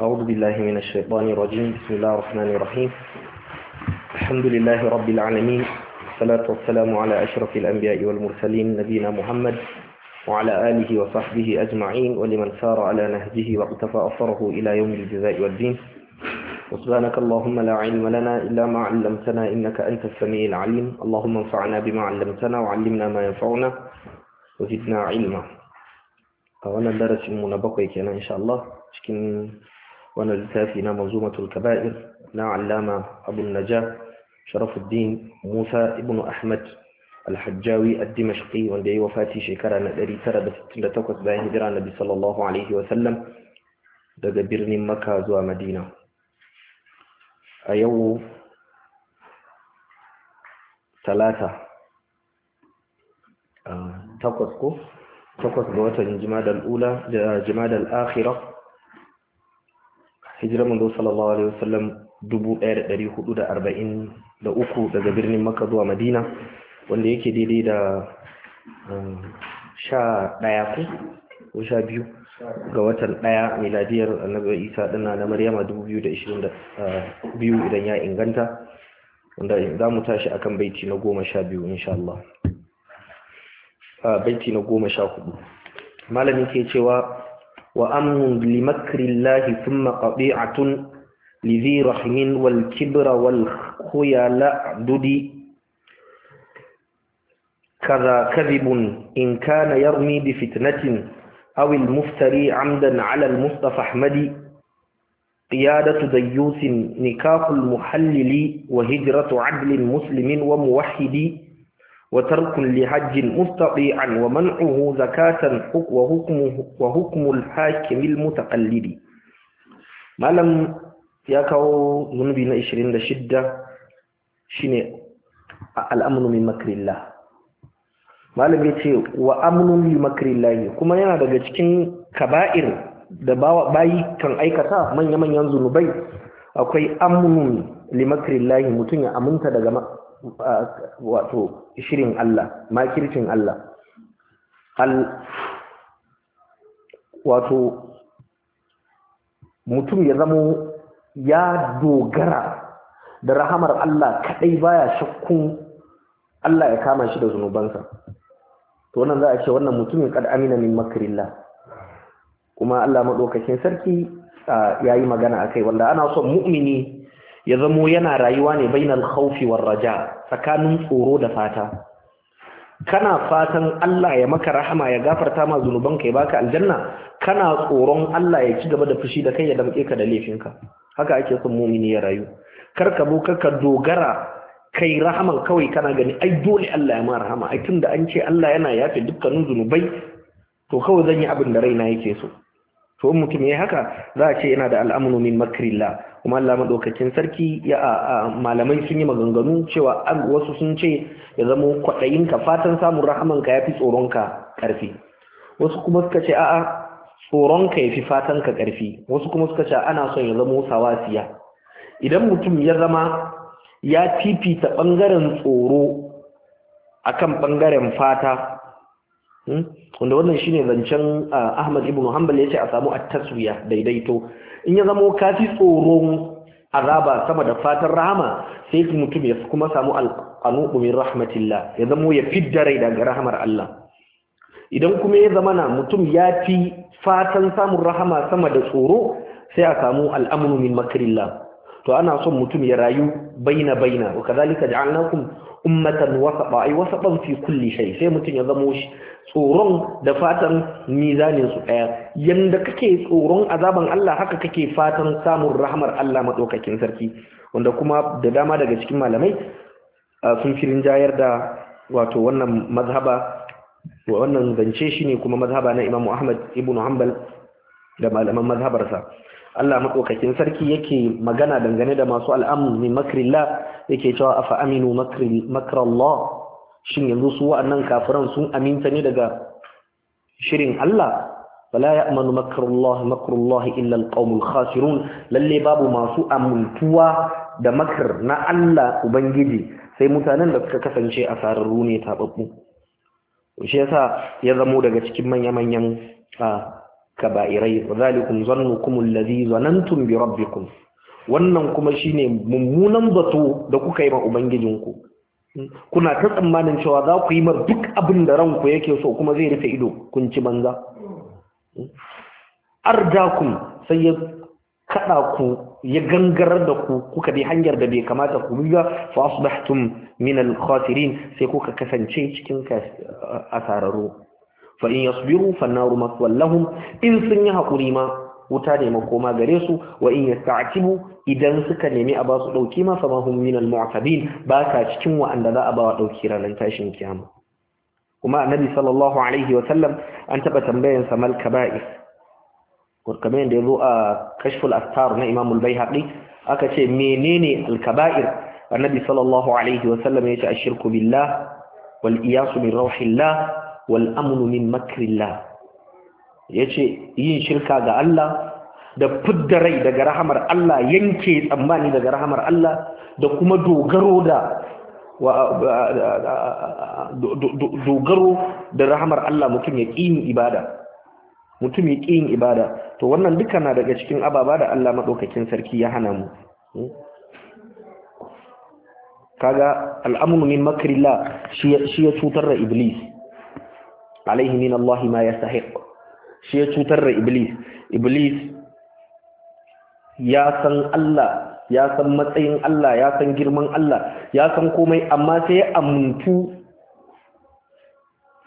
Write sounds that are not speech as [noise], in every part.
أعوذ بالله من الشيطان الرجيم بسم الله الرحمن الرحيم الحمد لله رب العالمين والصلاة والسلام على أشرف الأنبياء والمرسلين نبينا محمد وعلى آله وصحبه أجمعين ولمن سار على نهجه واقتفى أثره إلى يوم الجزاء والدين وسبحانك اللهم لا علم لنا إلا ما علمتنا إنك أنت السميع العليم اللهم انفعنا بما علمتنا وعلمنا ما ينفعنا وزدنا علما أولا درس من بقي كنا إن شاء الله لكن ونزلتها فينا منظومة الكبائر لا علامة أبو النجاة شرف الدين موسى ابن أحمد الحجاوي الدمشقي وندعي وفاتي شكرا لدي ترى بس النبي صلى الله عليه وسلم دقبرني مكة زوى مدينة أيو ثلاثة تقصكو آه، تقص بواتا جمادى الأولى جمادى الآخرة hijira manzo sallallahu alaihi wasallam 1443 daga birnin Makka zuwa Madina wanda yake daidai da um, sha daya ko ko sha biyu ga watan ɗaya miladiyar annabi isa dana na maryama 2022 uh, idan ya inganta wanda za mu tashi akan baiti na goma sha biyu insha Allah uh, baiti na goma sha hudu malamin ke cewa وأمن لمكر الله ثم قطيعة لذي رحم والكبر والخيال عددي كذا كذب إن كان يرمي بفتنة أو المفتري عمدا على المصطفى أحمد قيادة ديوس نكاح المحلل وهجرة عدل مسلم وموحدي وترك لحج مستطيعا ومنعه زكاة وحكم, وحكم الحاكم المتقلد malam ya kawo zunubi na 26 shine al'amnu min makrillah malam yace wa amnu min makrillah kuma yana daga cikin kaba'ir da bayi kan aikata manya-manyan zunubai akwai amnu Limakirin makrillah mutum ya aminta daga wato shirin Allah makircin Allah al wato mutum ya zamo ya dogara da rahamar Allah kadai baya shakkun Allah ya kama shi da zunubansa to wannan za a ce wannan mutumin kad amina min makrillah kuma Allah madaukakin sarki yayi magana akai wanda ana son mu'mini ya zamo yana rayuwa ne bainal khawfi war raja tsakanin tsoro da fata kana fatan Allah ya maka rahama ya gafarta ma zunubanka ya baka aljanna kana tsoron Allah ya ci gaba da fushi da kai ya damke ka da laifinka haka ake son mumini ya rayu kar ka bo ka dogara kai rahaman kawai kana gani ai dole Allah ya ma rahama ai tunda an ce Allah yana yafe dukkanin zunubai to kawai zan yi abin da raina yake so to in mutum ya haka za a ce yana da al'amunu min makrilla kuma Allah madaukakin sarki ya malamai sun yi maganganu cewa wasu sun ce ya zama kwaɗayinka ka fatan samun rahaman ka yafi tsoron ka ƙarfi wasu kuma suka ce a'a tsoron ka yafi fatan ka ƙarfi wasu kuma suka ce ana son ya zama sawasiya idan mutum ya zama ya fifita ɓangaren tsoro akan ɓangaren fata Hmm? wanda wannan shine zancen Ahmad ibn Hanbal yace a samu at-taswiya daidaito in ya zamo kafi tsoron azaba sama da fatan rahama sai mutum ya kuma samu al-qanu min rahmatillah ya zamo ya fidda rai daga rahamar Allah idan kuma ya zama na mutum ya fi fatan samun rahama sama da tsoro sai a samu al amru min makrillah to ana son mutum ya rayu baina baina wa kadhalika ja'alnakum ummatan wasata ay wasatan fi kulli shay sai mutum ya zamo shi tsoron da fatan mizanin su daya yanda kake tsoron azaban Allah haka kake fatan samun rahmar Allah madaukakin sarki wanda kuma da dama daga cikin malamai sun firin jayar da wato wannan mazhaba wannan zance shine kuma mazhaba na Imam Ahmad ibn Hanbal da malaman mazhabarsa Allah maɗaukakin sarki yake magana dangane da masu al'amu min makrillah yake cewa afa aminu makrallah shin yanzu su wa'annan kafiran sun aminta ne daga shirin Allah wala ya'manu makrallah makrallah illa alqaumul khasirun lalle babu masu amintuwa da makar na Allah ubangiji sai mutanen da suka kasance sararru ne tababbu shi yasa ya zamo daga cikin manya-manyan ah, kaba'irai zalikum zannukum alladhi zanantum bi rabbikum wannan kuma shine mummunan bato da kuka yi ma ubangijinku kuna ta tsammanin cewa za ku yi ma duk abin da ranku yake so kuma zai rufe ido kun ci banza ardakum sai ya kada ku ya gangarar da ku kuka bi hanyar da bai kamata ku bi ba fa asbahtum min al-khasirin sai kuka kasance cikin asararru fa in yasbiru fannaru maswal in sun yi haƙuri ma wuta ne makoma gare su wa in yasta'tibu idan suka nemi a ba su masa ma fa mahum ba ka cikin wa'anda za a ba wa dauki ranar tashin kiyama kuma annabi sallallahu alaihi wa sallam an taba tambayan sa mal kaba'is kamar yadda ya zo a kashful astar na imamul bayhaqi aka ce menene al kaba'ir annabi sallallahu alaihi wa sallam ya ce ashirku billah wal iyasu min rauhillah wal amnu min makrillah yace yin shirka ga Allah da fidda rai daga rahamar Allah yanke tsammani daga rahamar Allah da kuma dogaro da dogaro da rahamar Allah mutum ya ƙi ibada mutum ya ƙi ibada to wannan duka na daga cikin ababa da Allah maɗaukakin sarki ya hana mu hmm? kaga al'amuru min makrillah shi ya cutar da iblis alaihi min Allah ma yastahiq shi ya cutar da iblis iblis ya san Allah ya san matsayin Allah ya san girman Allah ya san komai amma sai ya amuntu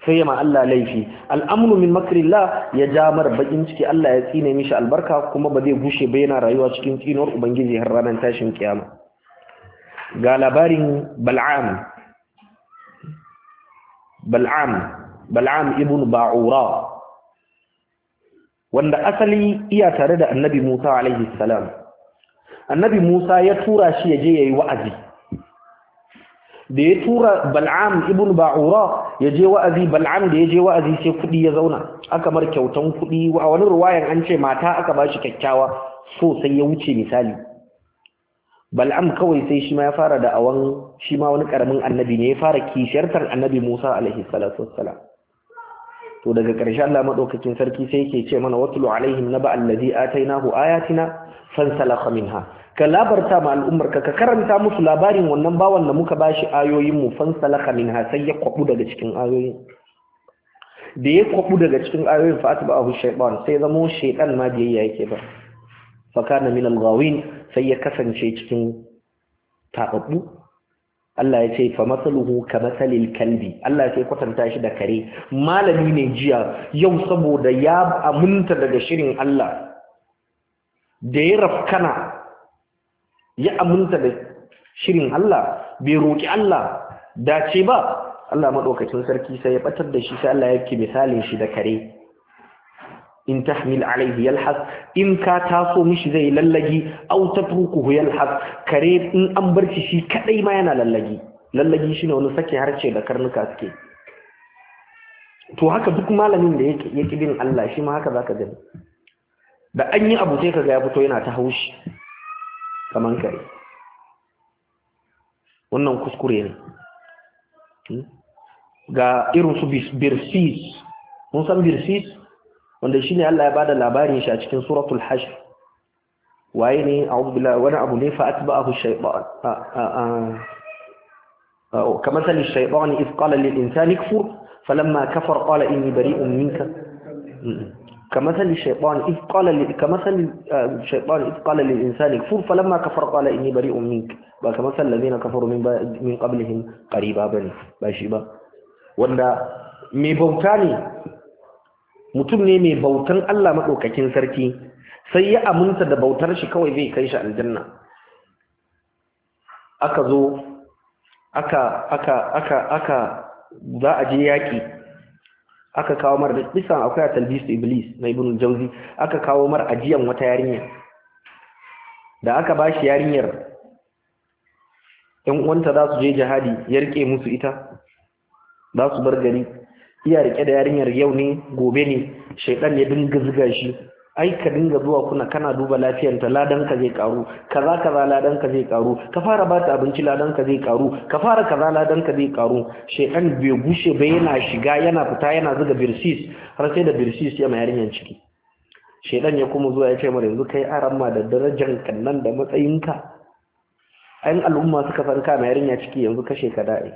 sai ma Allah laifi al'amnu min makrillah ya ja mara bakin ciki Allah ya tsine mishi albarka kuma ba zai gushe ba yana rayuwa cikin tsinuwar ubangiji har ranar tashin kiyama ga labarin bal'am bal'am bal'am ibn ba'ura wanda asali iya tare da annabi Musa alaihi salam annabi Musa ya tura shi ya je wa'azi da ya tura bal'am ibn ba'ura ya je wa'azi bal'am da ya je wa'azi sai kudi ya zauna aka mar kyautan kudi a wani ruwayan an ce mata aka bashi kyakkyawa so sai ya wuce misali bal'am kawai sai shi ma ya fara da awan shi ma wani karamin annabi ne ya fara kishiyartar annabi Musa alaihi salatu wassalam to daga ƙarshe Allah madaukakin sarki sai yake ce mana watlu alaihim naba allazi atainahu ayatina fansalakha minha ka labarta ma al'ummar ka karanta musu labarin wannan bawan da muka bashi ayoyin mu fansalakha minha sai ya kwabu daga cikin ayoyin da ya kwabu daga cikin ayoyin fa abu shaytan sai zamo shaytan ma biyayya yake ba fa kana min al sai ya kasance cikin tababbu Allah ya ce fa masaluhu ka masalil kalbi Allah ya ce kwatanta shi da kare malami ne jiya yau saboda ya aminta daga shirin Allah da ya rafkana ya aminta da shirin Allah bai roƙi Allah dace ba Allah madaukakin sarki sai ya ɓatar da shi sai Allah ya ki misalin shi da kare in tahmil alaihi yalhas in ka taso mishi zai lallagi aw tatrukuhu yalhas kare in an bar shi shi kadai ma yana lallagi lallagi ne wani sake harce da karnuka suke to haka duk malamin da yake yake bin Allah shi ma haka zaka gani da an yi abu sai kaga ya fito yana ta haushi kaman kare wannan kuskure ne hmm? ga irin su birsis mun san birsis wanda shine Allah ya bada labarin shi a cikin suratul hashr waye ne a'udhu billahi wa abu ne fa atba'ahu shaytan kama sani shaytan كمثل qala lil insani للإنسان falamma فلما qala inni bari'un minka كما كمثل الشيطان إذ قال ل... كمثل الشيطان إذ قال للإنسان كفر فلما كفر قال إني بريء منك وكمثل الذين كفروا من, من قبلهم قريبا بني باشبا ولا مي بوتاني mutum ne mai bautan Allah maɗaukakin sarki sai ya aminta da bautar shi kawai zai kai shi aljanna aka zo aka aka aka aka za a je yaƙi aka kawo mara bisan akwai a iblis na ibn jauzi aka kawo mara ajiyan wata yarinya da aka ba shi yarinyar ‘yan uwanta za su je jihadi ya rike musu ita za su bar gari iya rike da yarinyar yau ne gobe ne shaidan ya dinga ziga shi ai ka dinga zuwa kuna kana duba lafiyanta ladan ka zai karu kaza kaza ladan ka zai karu ka fara bata abinci ladan ka zai karu ka fara kaza ladan ka zai karu Shaidan bai gushe ba yana shiga yana fita yana zuga birsis har sai da birsis ya mayar yan ciki Shaidan ya kuma zuwa ya ce mara yanzu kai aramma da darajar kannan da matsayinka ayin al'umma suka san ka mayar yarinya ciki yanzu kashe ka da'i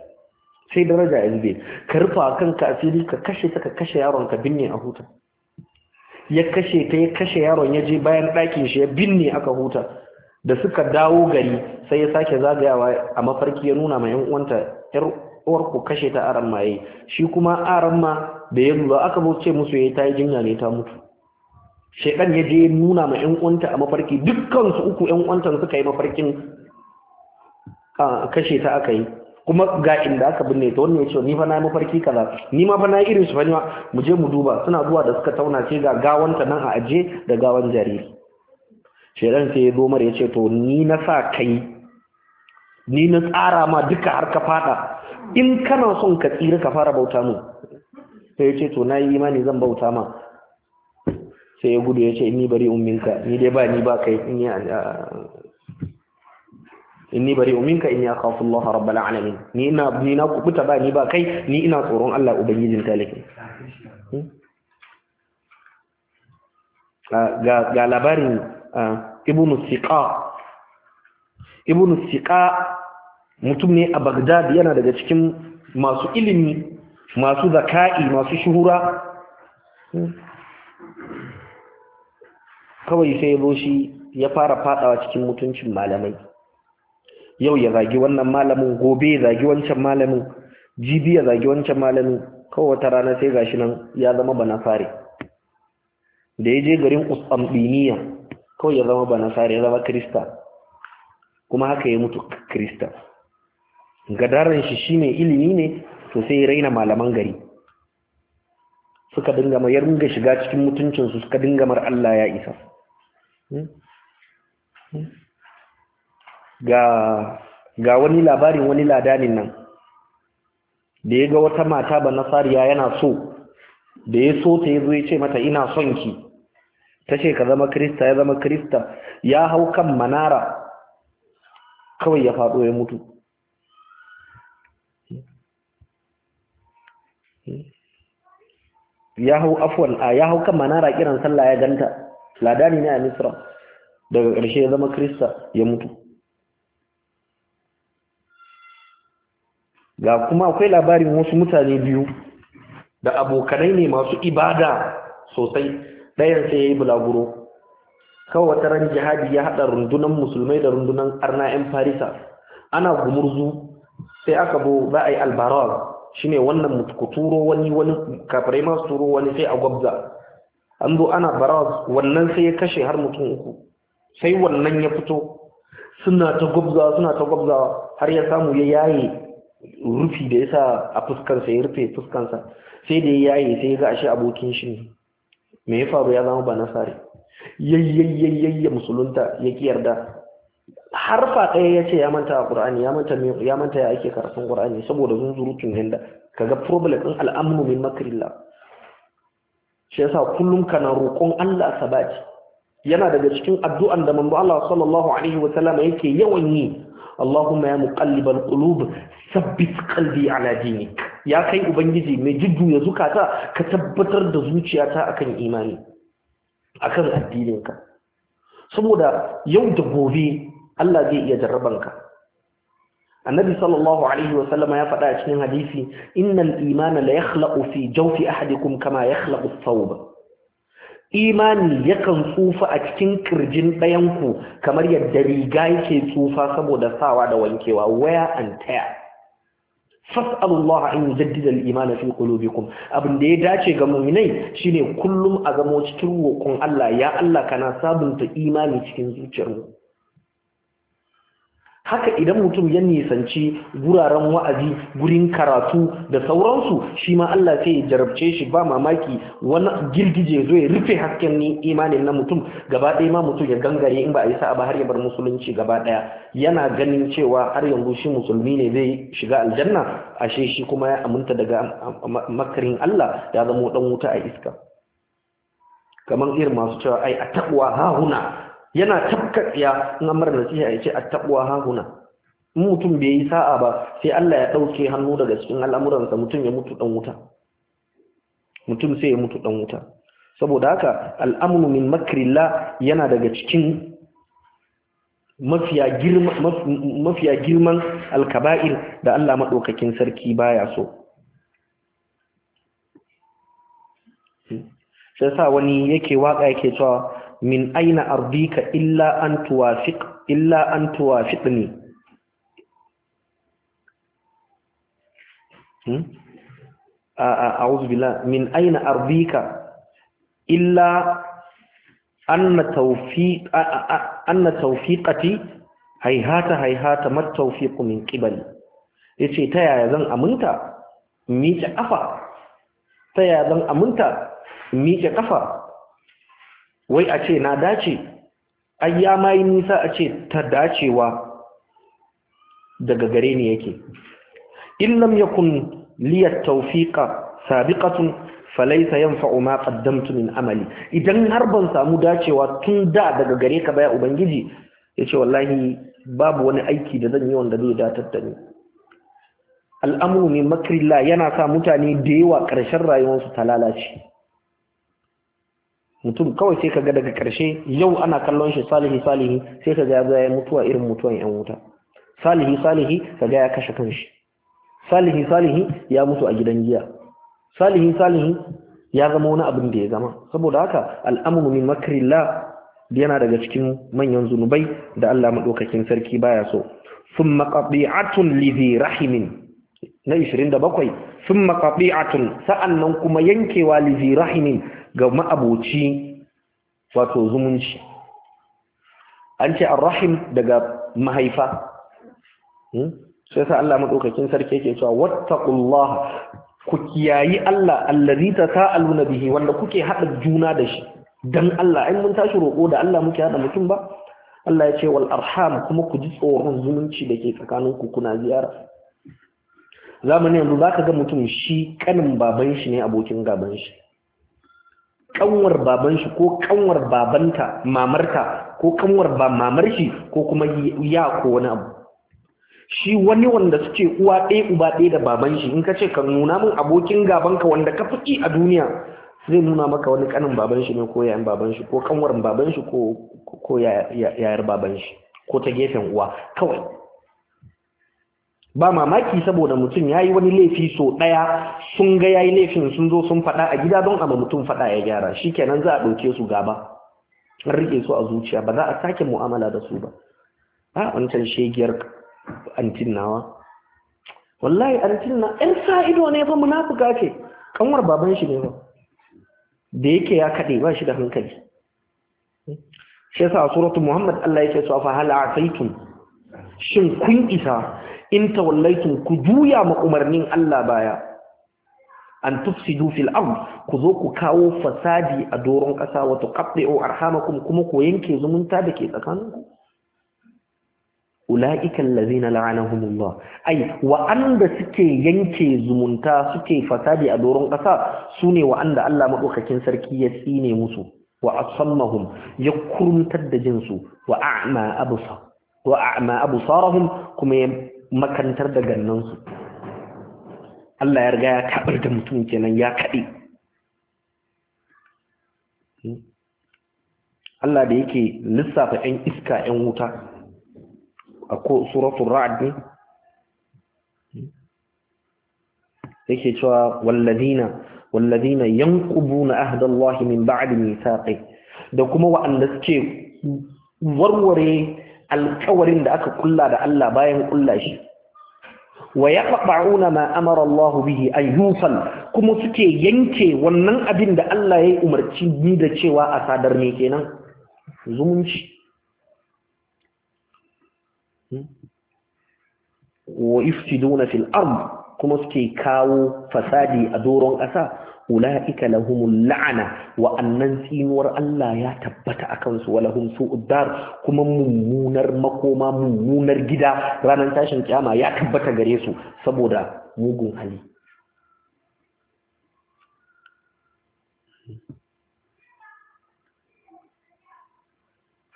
sai daraja in bai ka rufa kanka asiri ka kashe ta ka kashe yaron ka binne a huta ya kashe ta ya kashe yaron ya je bayan ɗakin shi ya binne aka huta da suka dawo gari sai ya sake zagayawa a mafarki ya nuna mai uwanta yar uwar ku kashe ta aran maye shi kuma aran ma da ya zuba aka zo ce musu ta tayi jinya ne ta mutu shedan ya je nuna ma yan a mafarki dukkan su uku yan suka yi mafarkin kashe ta aka yi kuma ga inda aka binne ta wannan ya ce ni fa na mafarki kaza ni ma fa na irin su fa mu je mu duba suna zuwa da suka tauna ce ga gawanta nan a aje da gawan jariri shedan sai ya zo mara ya to ni na sa kai ni na tsara ma duka har ka fada in kana son ka tsira ka fara bauta mu sai ya to na yi imani zan bauta ma sai ya gudu ya ni bari umminka ni dai ba ni ba kai in yi inni bari uminka in ya khafu Allah rabbal alamin ni ina ni na kubuta ba ni ba kai ni ina tsoron Allah ubangijin talaki hmm? ah, ga ga labarin ah, ibnu siqa ibnu siqa mutum ne a Baghdad yana daga cikin masu ilimi masu zaka'i masu shuhura hmm? kawai sai zo ya fara fadawa cikin mutuncin malamai yau ya zagi wannan malamin gobe ya zagi wancan malamin jibi ya zagi wancan malamin kawai wata rana sai gashi nan ya zama bana fare da ya je garin usambiniya kawai ya zama bana fare ya zama krista kuma haka ya mutu krista gadaran shi shi mai ilimi ne to sai ya raina malaman gari suka dinga mayar ga shiga cikin mutuncinsu suka dinga mar Allah ya isa hmm? Hmm? ga ga wani labarin wani ladanin nan da ya ga wata mata ba nasariya yana so da ya so ta yi zo ce mata ina son ki ta ce ka zama krista ya zama krista ya hau kan manara kawai ya faɗo ya mutu ya hau afwan a ya hau kan manara kiran sallah ya ganta ladani ne a misra daga ƙarshe ya zama krista ya mutu ga kuma akwai labarin wasu mutane biyu da abokanai ne masu ibada sosai ɗayan sai ya yi bulaguro kawai wata ran jihadi ya haɗa rundunan musulmai da rundunan arna 'yan farisa ana gumurzu sai aka bo za a yi albarar ne wannan ku turo wani wani kafirai masu turo wani sai a gwabza an zo ana barawar wannan sai ya kashe har mutum uku sai wannan ya fito suna ta gwabza suna ta gwabza har ya samu ya yaye rufi da ya sa a fuskarsa ya rufe fuskansa sai da ya yaye sai ya ga ashe abokin shi ne me ya faru ya zama ba sare yayyayyayya musulunta ya ki yarda Har ɗaya ya ce ya manta a ƙur'ani ya manta ya manta ya ake karatun ƙur'ani saboda zurutun yanda kaga problem ɗin al'amnu min makrillah shi yasa kullum kana roƙon Allah sabati yana daga cikin addu'an da manzo Allah sallallahu alaihi wa sallam yake yawan yi اللهم يا مقلب القلوب ثبت قلبي على دينك ya kai ubangiji mai jujjuya zukata ka tabbatar da zuciyata akan imani akan addininka saboda yau da gobe Allah zai iya jarrabanka annabi sallallahu alaihi wa sallama ya faɗa a cikin hadisi innal imana la yakhlaqu fi jawfi ahadikum kama yakhlaqu ath-thawb imani yakan tsufa a cikin kirjin ɗayanku kamar yadda riga yake tsufa saboda sawa da wankewa Waya and tear fas'alu Allah an yujaddida al-iman fi qulubikum abin da ya dace ga mu'minai shine kullum a zamo cikin roƙon Allah ya Allah kana sabunta imani cikin zuciyarmu haka idan mutum ya nisanci guraren wa'azi gurin karatu da sauransu shi ma Allah sai ya jarabce shi ba mamaki wani girgije zo ya rufe hasken imanin na mutum gaba ɗaya ma mutum ya gangare in ba a yi sa'a ba har ya bar musulunci gaba ɗaya yana ganin cewa har yanzu shi musulmi ne zai shiga aljanna ashe shi kuma ya aminta daga makarin Allah ya zama dan wuta a iska kamar irin masu cewa ai a takwa ha huna yana tafka tsiya in amara nasiha ya ce tabuwa hahuna in mutum bai yi sa'a ba sai Allah ya dauke hannu daga cikin al'amuransa mutum ya mutu dan wuta mutum sai ya mutu ɗan wuta saboda haka al'amnu min makrillah yana daga cikin mafiya girman mafiya alkaba'ir da Allah madaukakin sarki baya so hmm. sai sa wani yake waka yake cewa من أين أرضيك إلا أن توافق إلا أن توافقني أعوذ بالله من أين أرضيك إلا أن توفيق أن توفيقتي هيهات هيهات ما التوفيق من قبل يتي تايا زن أمنت ميت أفا تايا زن أمنت ميت أفا wai a ce na dace ai ya ma yi nisa a ce ta dacewa daga gare ni yake in lam yakun liyat tawfiqa sabiqatun falaysa yanfa'u ma qaddamtu min amali idan har ban samu dacewa tun da daga gare ka baya ubangiji yace wallahi babu wani aiki da zan yi wanda zai datar da ni al'amru min makrillah yana sa mutane da yawa ƙarshen rayuwarsu ta lalace mutum kawai sai kaga daga karshe yau ana kallon shi salihi salihi sai kaga ya zaya mutuwa irin mutuwan yan wuta salihi salihi kaga ya kashe kanshi salihi salihi ya mutu a gidan giya salihi salihi ya zama wani abin da ya zama saboda haka al'amru min makrillah yana daga cikin manyan zunubai da Allah madaukakin sarki baya so thumma qati'atun li rahimin na 27 thumma qati'atun sa'annan kuma yankewa li rahimin ga ma'aboci wato zumunci an ce arrahim daga mahaifa hmm? sai sa Allah madaukakin sarki yake cewa wattaqullaha ku kiyayi Allah allazi tasaaluna bihi wanda kuke hada juna da shi dan Allah ai mun tashi roko da Allah muke hada mutum ba Allah ya ce wal arham kuma ku ji tsoron zumunci da ke tsakanin ku kuna ziyara zamanin yanzu zaka ga mutum shi kanin baban shi ne abokin gaban shi kanwar baban shi ko kanwar babanta mamarta ko kanwar ba mamar shi ko kuma ya ko wani abu shi wani wanda suke uwa ɗaya uba ɗaya da baban shi in ka ce ka nuna min abokin gabanka wanda ka fi a duniya zai nuna maka wani kanin baban shi ne ko yayan baban shi ko kanwar baban shi ko yayar baban shi ko ta gefen uwa kawai ba mamaki saboda mutum ya yi wani laifi so ɗaya sun ga ya yi laifin sun zo sun faɗa a gida don ama mutum faɗa ya gyara shi kenan za a ɗauke su gaba an riƙe su a zuciya ba za a sake mu'amala da su ba a wancan shegiyar antin nawa wallahi antin na ɗan sa ido ne fa munafuka ce kanwar baban shi ne ba da yake ya kaɗe ba shi da hankali shi yasa suratul muhammad Allah yake so fa hal a'taytum shin kun isa in tawallaitum ku juya ma umarnin Allah baya an tufsidu fil ard ku zo ku kawo fasadi a doron ƙasa wa tuqatti'u arhamakum kuma ku yanke zumunta da ke tsakaninku ula'ika allazina la'anahumullah ai wa'anda suke yanke zumunta suke fasadi a doron ƙasa sune wa'anda Allah madaukakin sarki ya tsine musu wa asammahum ya kurumtar da jinsu wa a'ma abusa wa a'ma kuma makantar da gannansu Allah ya riga ya kaɓar da mutum kenan ya kaɗe Allah da yake lissafa 'yan iska 'yan wuta a ko suratun ra'ad ne yake cewa wallazina wallazina yanqubuna ahdallahi min ba'di mithaqi da kuma wa'anda suke warware alkawarin da aka kulla da Allah bayan kulla shi wa yaqta'una ma amara Allah bihi an kuma suke yanke wannan abin da Allah ya umarci ni da cewa a sadar ne kenan zumunci wa yufsiduna fil ard kuma suke kawo fasadi a doron ƙasa ula'ika lahumul la'ana wa annan tsinuwar Allah ya tabbata a kansu wa lahum su'uddar kuma mummunar makoma mummunar gida ranar tashin kiyama ya tabbata gare su saboda mugun hali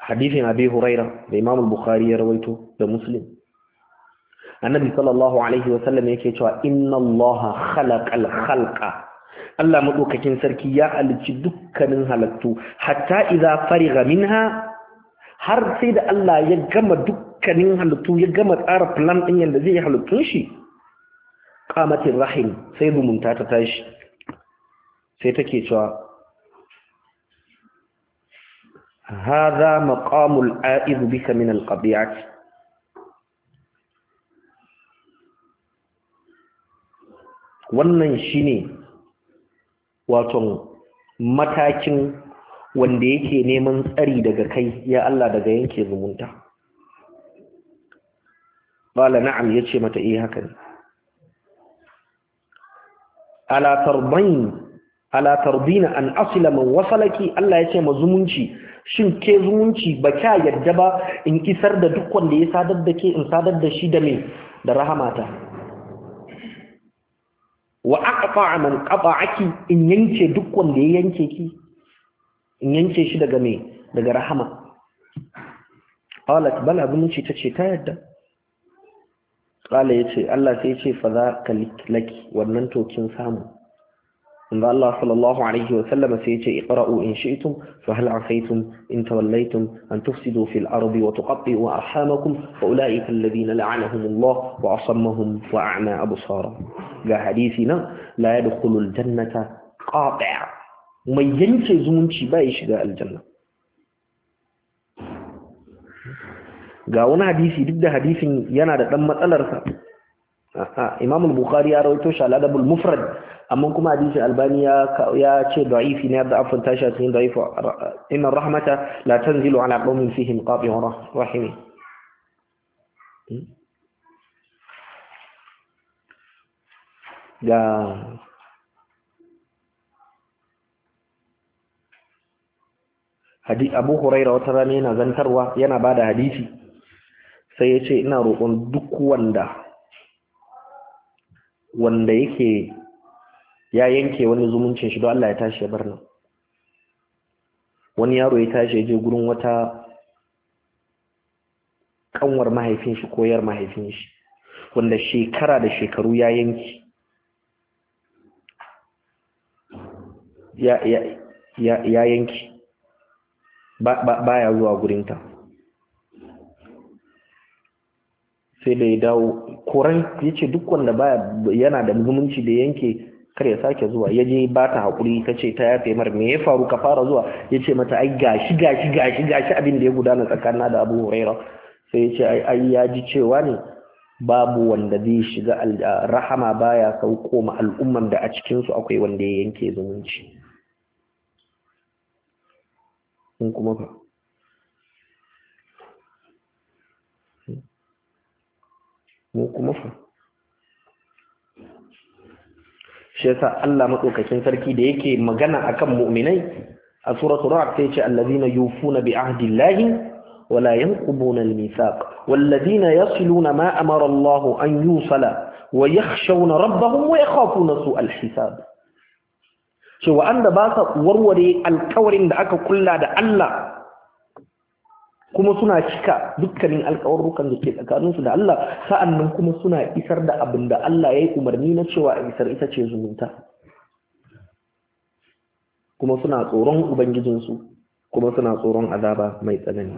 hadisin abi huraira da imam bukhari ya rawaito da muslim annabi sallallahu alaihi sallam yake cewa inna allaha khalaqal khalqa Allah madaukakin sarki ya halicci dukkanin halattu hatta idza fariga minha har sai da Allah ya gama dukkanin halittu ya gama tsara plan din yanda zai halittun shi qamatir rahim sai zumunta ta tashi sai take cewa hadha maqamul a'id bika min al-qadi'ati wannan shine waton matakin wanda yake neman tsari daga kai ya Allah daga yanke zumunta bala na'am yace mata eh haka ne ala ala an asila man wasalaki Allah yace ma zumunci shin ke zumunci ba kya yadda ba in kisar da duk wanda ya sadar da ke in sadar da shi da me da ta. wa aqta man qata'aki in yanke duk wanda ya yanke ki in yanke shi daga me daga rahama qalat bala bin ce tace ta yadda qala yace Allah sai yace fa za laki wannan tokin samu عند الله صلى الله عليه وسلم سيجي اقرأوا إن شئتم فهل عفيتم إن توليتم أن تفسدوا في الأرض وتقطئوا أرحامكم فأولئك الذين لعنهم الله وأصمهم وأعمى أبصارا جاء حديثنا لا يدخل الجنة قاطع ومن ينسى زمنشي بايش جاء الجنة ga حديثي ضد حديث ينادى hadisin yana إمام البخاري matsalarsa imam al-bukhari amma kuma hadisi albani ya ce da'ifi ne da afin tasha, a cikin da'ifi inna rahmata la tanzilu ala qaumin fihim qati'un rahimi ga hmm? hadisi abu huraira wata rana yana zantarwa yana bada hadisi sai ya ce ina roƙon duk wanda wanda yake ya yanke wani zumuncin shi don Allah ya tashi ya bar nan wani yaro ya tashi ya je gurin wata kanwar mahaifin shi koyar mahaifin shi wanda shekara da shekaru ya yanki ya, ya, ya, yanki ba, ba, baya zuwa gurinta sai da ya dawo koran yace duk wanda baya yana da zumunci da yanke kar ya sake zuwa ya je ba ta haƙuri ta ce ta yafe mar me ya faru ka fara zuwa ya ce mata ai gashi gashi gashi gashi abin da ya gudana tsakanin da abu huraira sai ya ce ai ya ji cewa ne babu wanda zai shiga rahama baya sauko ma al'umman da a cikin su akwai wanda ya yanke zumunci in kuma mu kuma fa shi yasa Allah madaukakin sarki da yake magana akan mu'minai a suratul ra'd sai ce allazina yufuna bi ahdillahi ولا ينقضون الميثاق والذين يصلون ما an yusala Wa يوصل ويخشون ربهم ويخافون سوء الحساب cewa an da ba sa warware alkawarin da aka kulla da Allah kuma suna cika dukkanin alkawarrukan da ke tsakaninsu da Allah sa'annan kuma suna isar da abin da Allah ya yi umarni na cewa a isar ita ce zumunta kuma suna tsoron ubangijinsu kuma suna tsoron azaba mai tsanani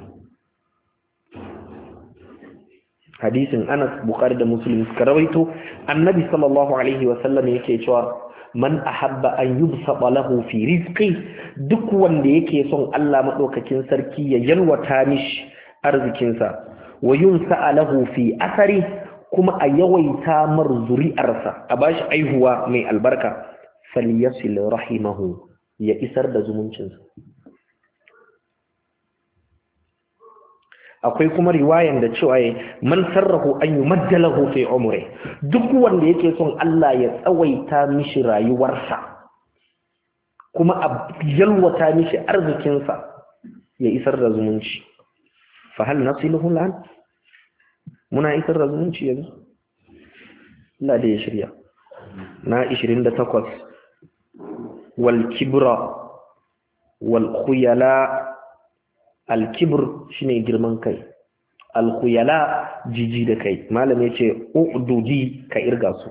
hadisin Anas bukari da musulmi suka rawaito annabi sallallahu alaihi wa yake cewa man ahabba an yubsata lahu fi rizqi duk wanda yake son Allah madaukakin sarki ya yalwata mishi arzikinsa wa yunsa lahu fi asari kuma a yawaita mar zuri'arsa a bashi aihuwa mai albarka falyasil rahimahu ya isar da zumuncinsa akwai kuma riwayan da cewa man sarrahu an yumadda lahu fi umri duk wanda yake son Allah ya tsawaita mishi rayuwarsa kuma a yalwata mishi arzikinsa ya isar da zumunci fa hal nasiluhu lan muna isar da zumunci yanzu Allah da ya shirya na 28 wal kibra wal khuyala alkibir shine girman kai alkhuyala jiji da kai malam ya ce ududi ka irga su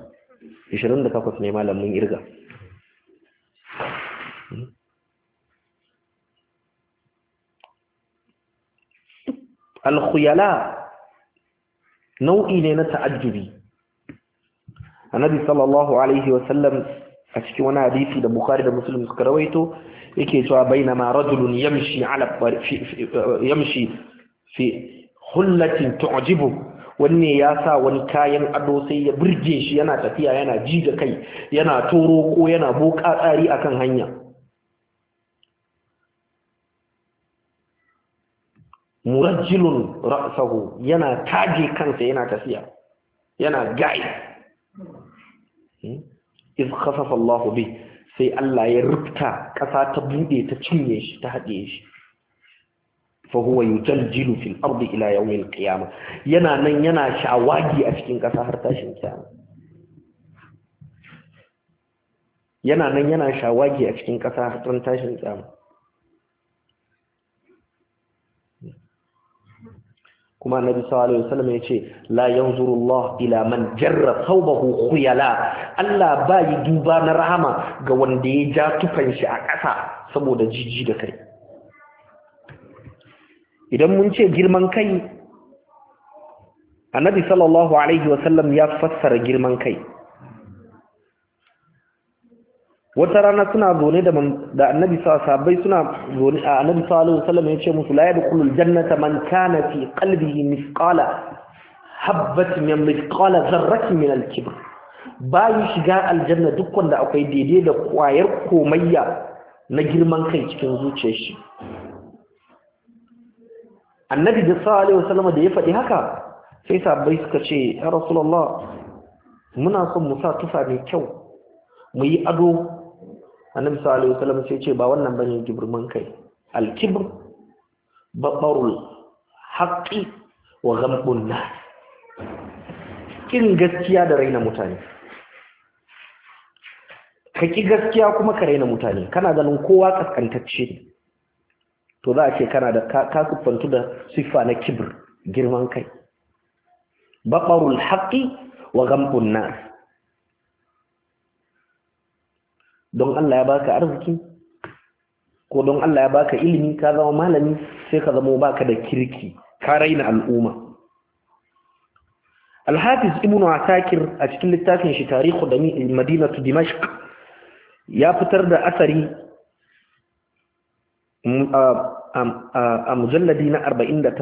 28 ne malamin irga alkhuyala nau'i ne na ta'ajjubi annabi sallallahu alaihi wasallam a cikin wani hadisi da bukhari da muslim suka rawaito yake cewa bainama rajulun yamshi ala yamshi fi hullatin tu'jibu wanne ya sa wani kayan ado sai ya burge shi yana tafiya yana ji da kai yana toro ko yana boka tsari akan hanya murajjilun ra'sahu yana taje kansa yana tafiya yana gai إذ خفف الله به sai Allah ya rufta ƙasa ta buɗe ta cinye shi ta haɗe shi fa huwa yujaljilu fil ardi ila yawmil qiyamah yana nan yana shawagi a cikin ƙasa har tashin kiyama yana nan yana shawagi a cikin ƙasa har tashin kiyama kuma nabi sallallahu alaihi wasallam yace la yanzurullah ila man jarra thawbahu khuyala Allah ba duba na rahama ga wanda ya ja tufan shi a ƙasa saboda jiji da kai idan mun ce girman kai annabi sallallahu alaihi wasallam ya fassara girman kai wata rana suna zaune da da annabi sahabbai suna zaune a annabi sallallahu alaihi wasallam yace musu la yadkhulul jannata man kana fi qalbihi mithqala habatin min mithqala dharratin min al-kibr bayi shiga aljanna duk wanda akwai daidai da kwayar komayya na girman kai cikin zuciyar shi annabi da sallallahu alaihi wasallam da ya faɗi haka sai sabai suka ce ya rasulullah muna son mu sa tufa mai kyau mu yi ado annabi sallallahu alaihi wasallam sai ce ba wannan bane girman kai al-kibr babarul haqqi wa ghamdun nas kin gaskiya da raina mutane ka gaskiya kuma ka raina mutane kana ganin kowa kaskantacce ne to za a ce kana da ka kufantu da siffa na kibr girman kai babarul haqqi wa ghamdun nas don Allah ya baka arziki ko don Allah ya baka ilimi ka zama malami sai ka zama baka da kirki ka raina al'umma Al-Hafiz Ibn Asakir a cikin littafin shi Tarihu da Madinatu Dimashq ya fitar da asari mm, a mujalladi na 49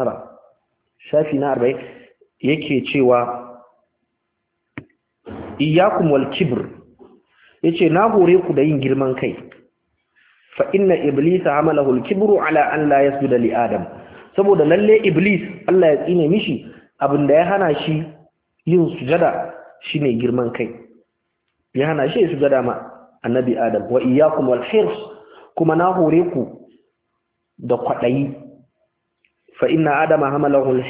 shafi na 40 yake cewa iyyakum wal kibr yace na hore ku da yin girman kai fa inna iblisa amalahu al-kibru ala an la yasjuda li adam saboda lalle iblis Allah ya tsine mishi abinda ya hana shi yin sujada shine girman kai ya hana shi sujada ma annabi adam wa iyyakum wal kuma na hore ku da kwadayi fa inna adama hamalahu al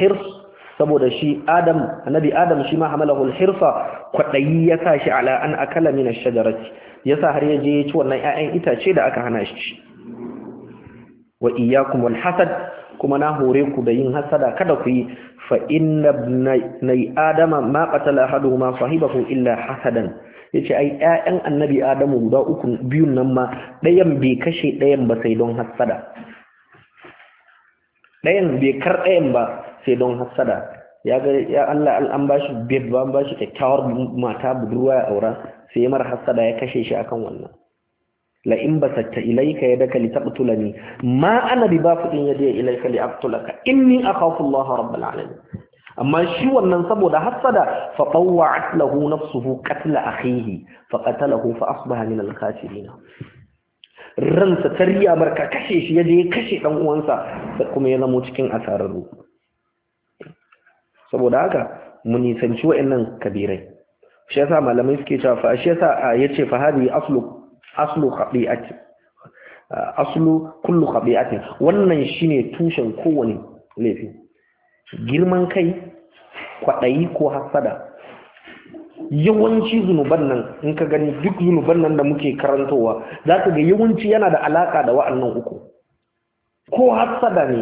saboda shi adam annabi adam shi ma hamalahu hirfa kwadayi ya sa shi ala an akala min ash-shajarati yasa har yaje ya ci wannan ƴaƴan itace da aka hana shi wa iyyakum wal hasad kuma na hore ku da yin hasada kada ku yi fa inna ibnai adama ma qatala ahaduhuma sahibahu illa hasadan yace ai ƴaƴan annabi adamu guda uku biyun nan ma ɗayan bai kashe ɗayan ba sai don hasada ɗayan bai kar ɗayan ba sai don hassada ya ga ya Allah an bashi bid ba an bashi kyakkyawar mata budurwa ya aura sai mara hassada ya kashe shi akan wannan la in basatta ilayka yadaka litaqtulani ma ana bi bafudin yadi ilayka li aqtulaka inni akhafu Allah rabbul alamin amma shi wannan saboda hassada fa tawwa'at lahu nafsuhu qatla akhihi fa qatalahu fa asbaha min al-khasirin ransa tarriya marka kashe shi je kashe dan uwansa kuma ya zama cikin asararru saboda haka mu nisanci wa'annan kabirai shi yasa malamai suke cewa fa shi yasa yace fa hadi aslu aslu khabi'ati aslu kullu khabi'ati wannan shine tushen kowane laifi girman kai kwadayi ko hasada yawanci zunuban nan in ka gani duk zunuban nan da muke karantowa za ka ga yawanci yana da alaka da wa'annan uku ko hasada ne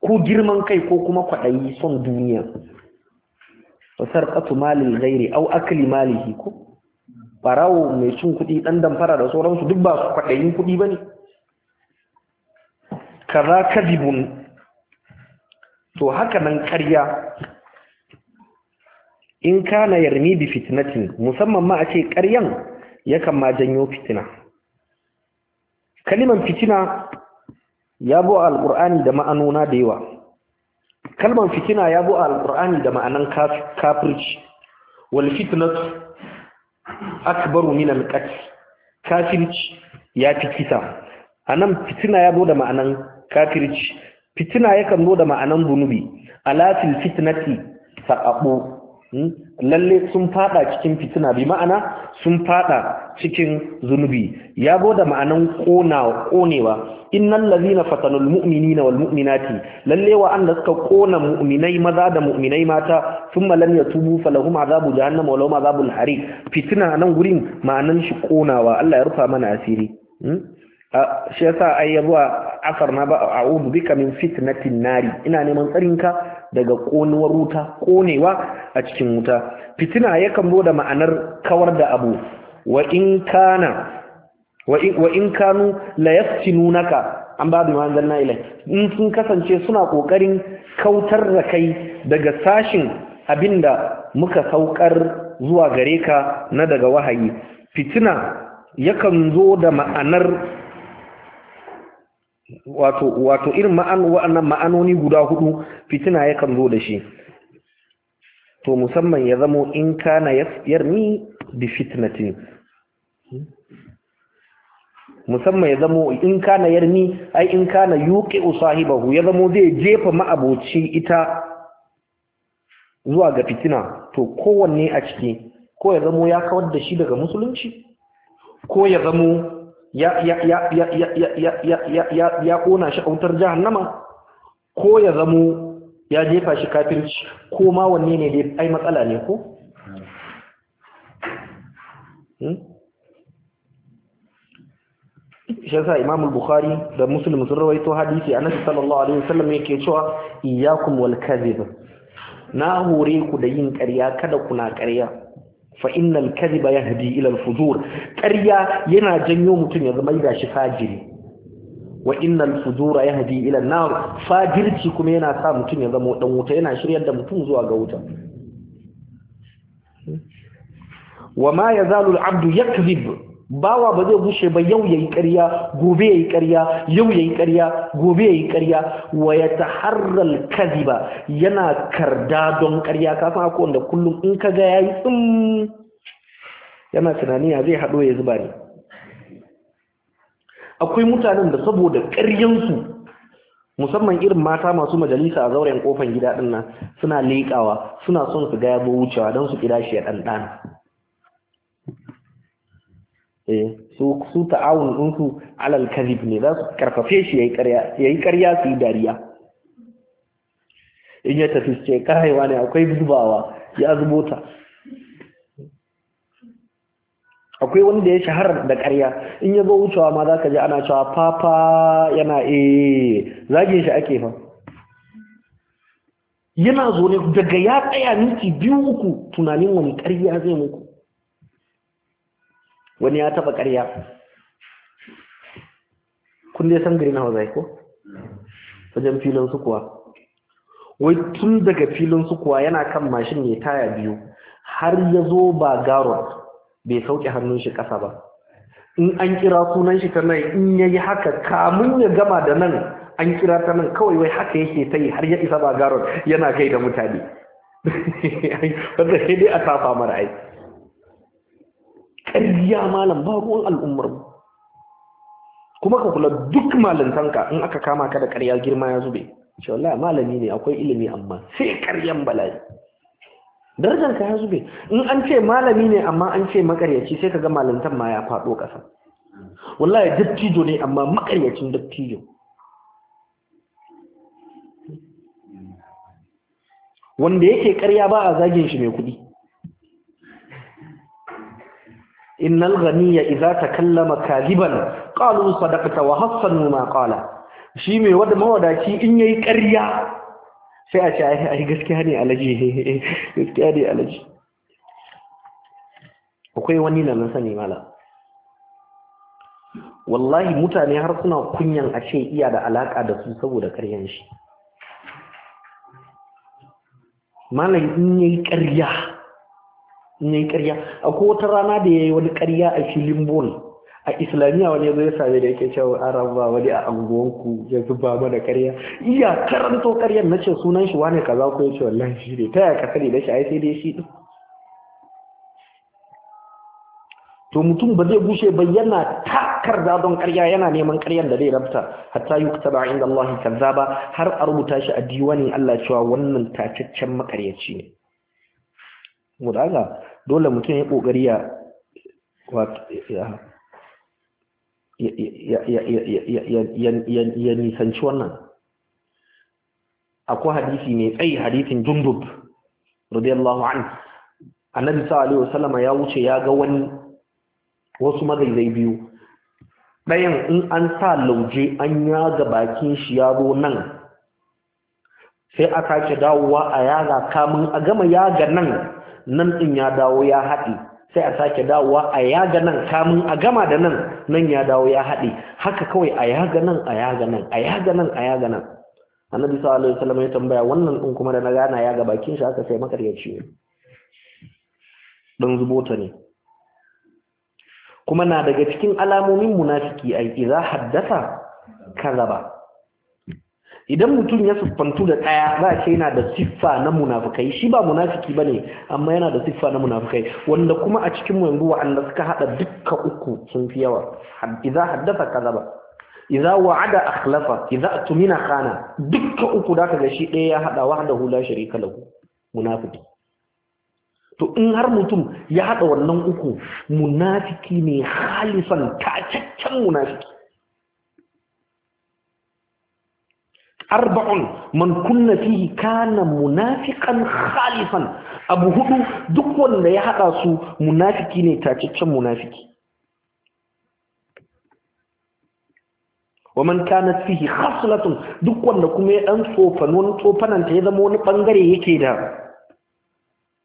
ko girman kai ko kuma kwaɗayi son duniya wa sarƙatu malin zaire au akali malihi ko barawo mai cin kuɗi ɗan damfara da sauransu duk ba su kwaɗayin kuɗi ba za kaza kadibun to haka nan ƙarya in kana yarmi bi fitnatin musamman ma a ce ƙaryan yakan ma janyo fitina kaliman fitina ya bo Alƙur'ani da ma'anona da yawa kalmar fitina ya bo Alƙur'ani da ma'anan kafirci wal fitnat akbaru min alqatl kafirci ya fi kisa anan fitina ya bu da ma'anan kafirci fitina yakan zo da ma'anan zunubi alatil fitnati saqabu Hmm? lalle sun fada cikin fitina bi ma'ana sun fada cikin zunubi ya zo da ma'anan konawa konewa innal ladhina fatanul mu'minina wal mu'minati lalle wa anda suka kona mu'minai maza da mu'minai mata thumma lam yatubu falahum azabu jahannam wa lahum azabul hari fitina nan gurin ma'anan shi konawa Allah ya rufa mana asiri hmm? shi yasa ai yabuwa asar na ba a'udhu bika min fitnatin nari ina neman tsarinka daga konuwar wuta konewa a cikin wuta fitina yakan zo da ma'anar kawar da abu wa in kana wa in kanu la yaftinunaka an ba bi manzan na ilai in sun kasance suna kokarin kautar da kai daga sashin abinda muka saukar zuwa gare ka na daga wahayi fitina yakan zo da ma'anar wato wato irin ma'an wa'annan ma'anoni guda hudu fitina yakan zo da shi to musamman ya zamo in kana yarmi bi fitnati musamman ya zamo in kana yarmi ai in kana yuqi sahibahu ya zamo zai jefa ma'aboci ita zuwa ga fitina to kowanne a ciki ko ya zamo ya kawar da shi daga musulunci ko ya zamo ya ƙona shi a wutar jahannama ko ya zamo ya jefa shi kafirci ko ma wanne ne dai ai matsala ne ko? shasa imam bukhari da muslim sun rawaito hadisi annabi sallallahu alaihi wasallam yake cewa iyyakum wal kadhib na hore ku da yin ƙarya kada kuna karya. Fa'innan kariba Yahadi yahdi fujur ƙarya yana janyo mutum ya zama da shi fajiri wa'innan fujura yahdi ila an-nar fajirci kuma yana sa mutum ya zama ɗan wuta yana shiryar da mutum zuwa ga wuta wa ma ya zalul abdu yakdhib bawa ba zai bushe ba yau yayi ƙarya gobe yayi ƙarya yau yayi ƙarya gobe yayi ƙarya wa yataharral kadhiba yana karda don ƙarya ka san akwai wanda kullum in ka ga yayi tsim yana tunani ya zai haɗo ya zuba ne akwai mutanen da saboda ƙaryansu musamman irin mata masu majalisa a zauren kofan gida ɗin nan suna leƙawa suna son su ga yabo wucewa don su kira shi ya ɗanɗana Eh, su su ta'awun din su alal kadhib ne za su karfafe shi yayi ƙarya yayi ƙarya su yi dariya in ya tafi ce kaiwa ne akwai zubawa ya zubo ta akwai wanda ya shahara da ƙarya in ya zo wucewa ma za ka ji ana cewa papa yana eh zage shi ake fa yana zo ne daga ya tsaya minti biyu uku tunanin wani ƙarya zai muku wani ya taba ƙarya kun dai san gari green house ko wajen filin su kuwa wai tun daga filin su kuwa yana kan mashin ne taya biyu har ya zo ba garo bai sauke hannun shi ƙasa ba in an kira sunan shi ta nan in ya yi haka kamun ya gama da nan an kira ta nan kawai wai haka yake ta yi har ya isa ba garon yana kai da mutane [laughs] wanda sai dai a tafa mara aiki ƙarya malam ba ruwan al'ummar mu kuma ka kula duk malantanka in aka kama ka da ƙarya girma ya zube ce wallahi malami ne akwai ilimi amma sai ƙaryan bala'i darajar ka ya zube in an ce malami ne amma an ce makaryaci sai ka ga malantan ma ya faɗo ƙasa wallahi dattijo ne amma makaryacin dattijo wanda yake karya ba a zagin shi mai kuɗi innal ghaniya idza takallama kadiban qalu sadaqta wa hassanu ma qala shi me wanda mawadaci in yayi ƙarya sai a ce ai gaskiya ne alaji [laughs] gaskiya ne alaji akwai wani na nan sani mala wallahi mutane har suna kunyan a ce iya da alaka da su saboda ƙaryan shi malam in yayi ƙarya ne ƙarya akwai wata rana da ya yi wani ƙarya a filin bol a islamiyya wani ya zo ya sami da yake cewa araba wani a anguwanku ya zuba mana karya iya karanto karyar na ce sunan shi wane kaza ko ya ce wallahi shi ne ta yaya ka sani da shi ai sai dai shi ɗin to mutum ba zai bushe ba yana takarda don karya yana neman karyar da zai rabta hatta yi yuktaba inda Allah ba har a rubuta shi a diwanin Allah cewa wannan tacaccen makaryaci ne Mudaga, dole mutum ya kokari ya ya nisanci wannan akwai hadisi mai tsayi hadisin jundub radiyallahu an annabi sallallahu alaihi Salama ya wuce ya ga wani wasu mazaizai biyu ɗayan in an sa lauje an yaga bakin shi yaro nan sai aka ce dawowa a yaga kamun a gama yaga nan nan ɗin ya dawo ya haɗi, sai a sake dawowa a yaga nan kamun a gama da nan nan ya dawo ya haɗi. haka kawai a yaga nan a yaga nan a yaga nan a yaga nan annabi sallallahu alaihi wasallam ya tambaya wannan ɗin kuma da na gana ya ga bakin shi aka sai makaryaci ne dan zubota ne kuma na daga cikin alamomin munafiki ai idza haddatha kazaba idan mutum ya siffantu da ɗaya za a ce yana da siffa na munafukai shi ba munafiki ne amma yana da siffa na munafukai wanda kuma a cikin yanzu wa'anda suka hada dukka uku sun fi yawa idza haddatha kadhaba idza wa'ada akhlafa idza tumina khana dukka uku da kaga shi ɗaya ya hada wahdahu la shirika da munafiki to in har mutum ya haɗa wannan uku munafiki ne halisan tacaccen munafuki. arba'un man kunna fihi kana munafiqan khalifan abu hudu duk wanda ya hada su munafiki ne tacaccen munafiki waman kana fihi khaslatun duk wanda kuma ya dan tsofanon wani tsofananta ya zama wani bangare yake da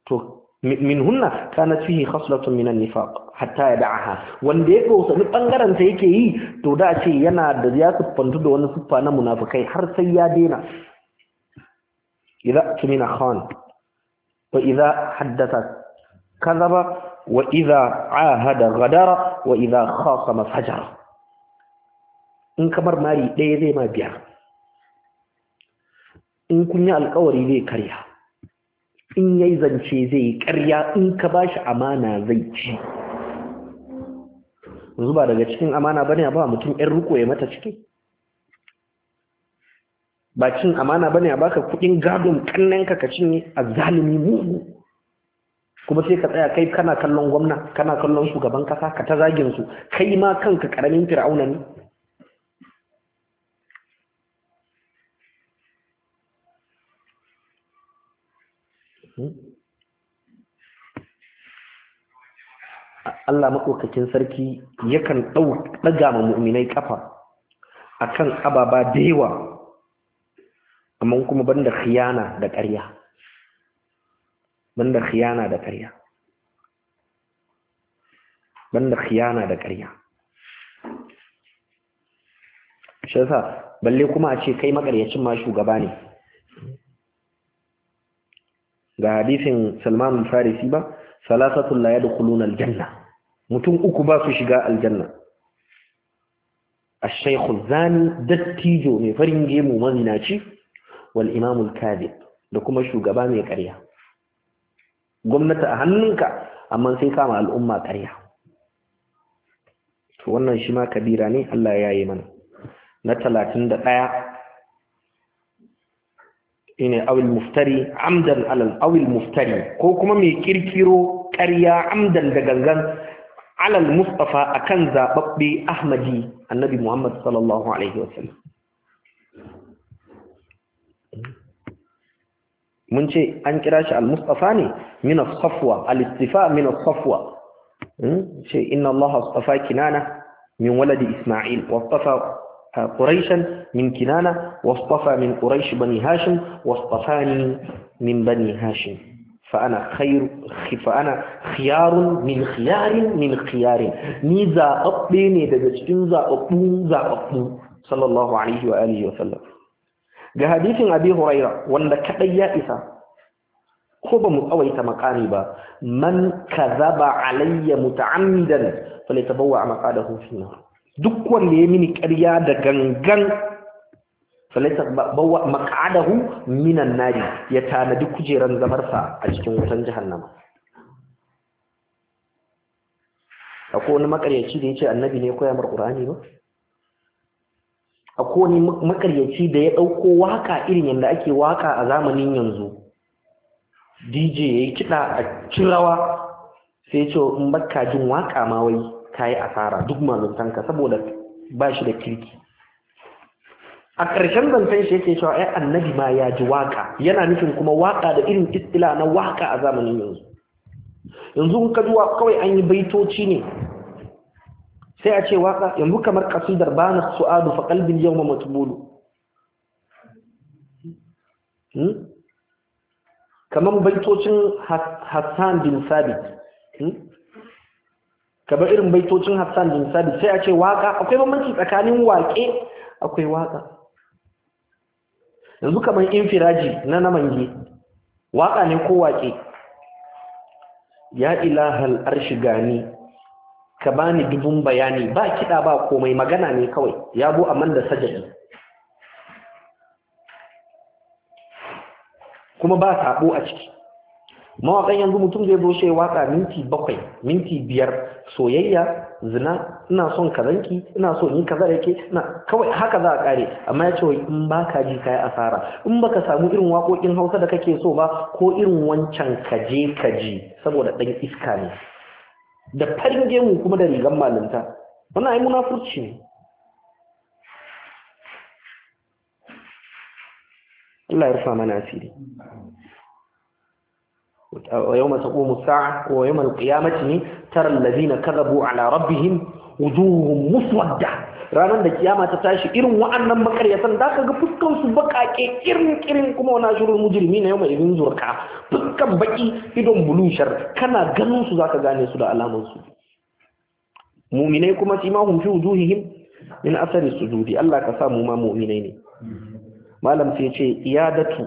to منهن كانت فيه خصلة من النفاق حتى يدعها وانديك وصل بانغران سيكي تودا شي ينا دزياك بانتود ونسبة أنا منافقي حر إذا تمنى خان وإذا حدث كذب وإذا عاهد غدر وإذا خاصم فجر إن كمر ماري ليزي ما بيع إن كنا القوري ليه كريه in yayi zance zai yi ƙarya in ka ba shi amana zai ci Zuba daga cikin amana bane a ba mutum 'yan riko ya mata ciki ba cin amana bane a baka kuɗin gadon kannenka ka cinye a zalimi mugu kuma sai ka tsaya kai kana kallon gwamna kana kallon shugaban kasa ka ta zagin su kai ma kanka karamin fir'auna ne Hmm? Allah makokakin sarki yakan ɗaga ma mu'minai kafa akan ababa da yawa amma kuma banda khiyana da ƙarya banda khiyana da ƙarya banda khiyana da ƙarya shi yasa balle kuma a ce kai makaryacin ma shugaba ne ga hadisin Salman al-Farisi ba salasatu la yadkhuluna al-janna mutum uku ba su shiga aljanna ash-shaykh az-zani dattijo mai farin gemu mazinaci wal imam al-kadhib da kuma shugaba mai ƙarya gwamnati a hannunka amma sai kama al'umma ƙarya to wannan shi ma kabira ne Allah ya yi mana na 31 shine awil muftari amdan alal awil muftari ko kuma mai kirkiro ƙarya amdan da gangan alal mustafa akan zababbe ahmadi annabi muhammad sallallahu alaihi wasallam mun ce an kira shi al-mustafa ne min as-safwa al-istifa min as-safwa ce hmm? inna allaha astafa kinana min waladi isma'il wa قريشا من كنانة واصطفى من قريش بني هاشم واصطفاني من بني هاشم فأنا خير فأنا خيار من خيار من خيار نيزا أطليني دجتين زا أطلون زا أطلون صلى الله عليه وآله وسلم ga hadisin abi huraira wanda kadai ya isa ko ba mu tsawaita makami ba man kazaba alayya muta'ammidan falyatabawa maqadahu fi nar duk wanda ya mini ƙarya da gangan falaita bawa maq'adahu minan nari ya tanadi kujeran zamarsa a cikin wutan jahannama akwai wani makaryaci da yace annabi ne koya mar qur'ani ba akwai wani makaryaci da ya ɗauko waka irin yanda ake waka a zamanin yanzu DJ yayi kiɗa a cirawa sai ya ce in bakka jin waka ma wai ka yi asara duk malutanka saboda ba shi da kirki a ƙarshen zancen shi yake cewa ai annabi ma ya ji waka yana nufin kuma waka da irin istila na waka a zamanin yanzu yanzu ka duwa kawai an yi baitoci ne sai a ce waka yanzu kamar kasidar bana su'adu fa qalbin yawma matbulu hmm? kamar baitocin Hassan bin Sabit hmm? kamar irin baitocin Hassan bin sai a ce waka akwai bambanci tsakanin waƙe akwai waka yanzu kamar infiraji na namange waka ne ko waƙe ya ilahal arshi gani ka bani dubun bayani ba kiɗa ba komai magana ne kawai ya bu amman da sajadi kuma ba sabo a ciki mawaƙan yanzu mutum zai zo shi waka minti bakwai minti biyar soyayya zina ina son kazanki ina so yi kaza yake na kawai haka za a kare amma ya ce in ba ka ji kai asara in baka samu irin waƙoƙin hausa da kake so ba ko irin wancan kaje kaji saboda ɗan iska ne da farin gemu kuma da rigar malinta wannan ai munafurci ne Allah ya rufa mana asiri ويوم تقوم الساعة ويوم القيامة ترى الذين كذبوا على ربهم وجوههم مسودة ranar da kiyama ta tashi irin wa'annan makaryasan da ka ga fuskan su bakake irin irin kuma wani shirin mujirmi na yau irin zurka fuskan baƙi, idon bulushar kana ganin su zaka gane su da alamansu. muminai kuma shi ma hum fi wujuhihim min asari sujudi Allah ka sa mu ma muminai ne malam sai ce iyadatu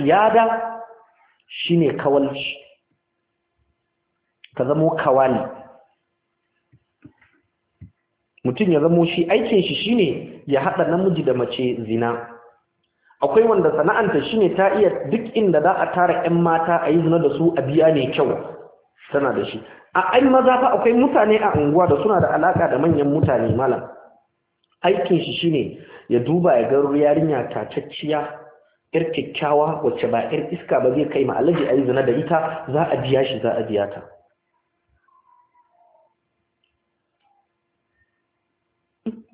iyada shine kawalci ka zamo kawali mutum ya zamo shi aikin shi shine ya haɗa namiji da mace zina akwai wanda sana'anta shine ta iya duk inda za a tara 'yan mata a yi zina da su a biya ne kyau tana da shi a ai maza fa akwai mutane a unguwa da suna da alaka da manyan mutane malam aikin shi shine ya duba ya ga yarinya tatacciya yar kyakkyawa wacce ba yar iska ba zai kai ma alaji yi zina da ita za a biya shi za a biya ta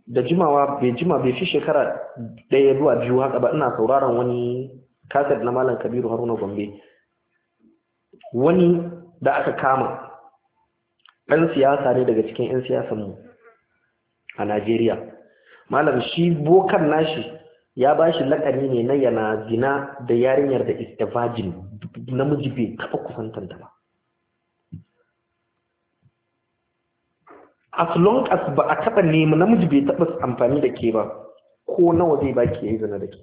da jimawa bai jima bai fi shekara ɗaya zuwa biyu haka ba ina sauraron wani kasar na malam kabiru haruna gombe wani da aka kama ɗan siyasa ne daga cikin 'yan siyasanmu a najeriya malam shi bokan nashi ya ba shi lakani ne na yana zina da yarinyar da ita virgin namiji bai taɓa kusantar da ba as long as ba a taɓa nemi namiji bai taɓa amfani da ke ba ko nawa zai ba ke yi zina da ke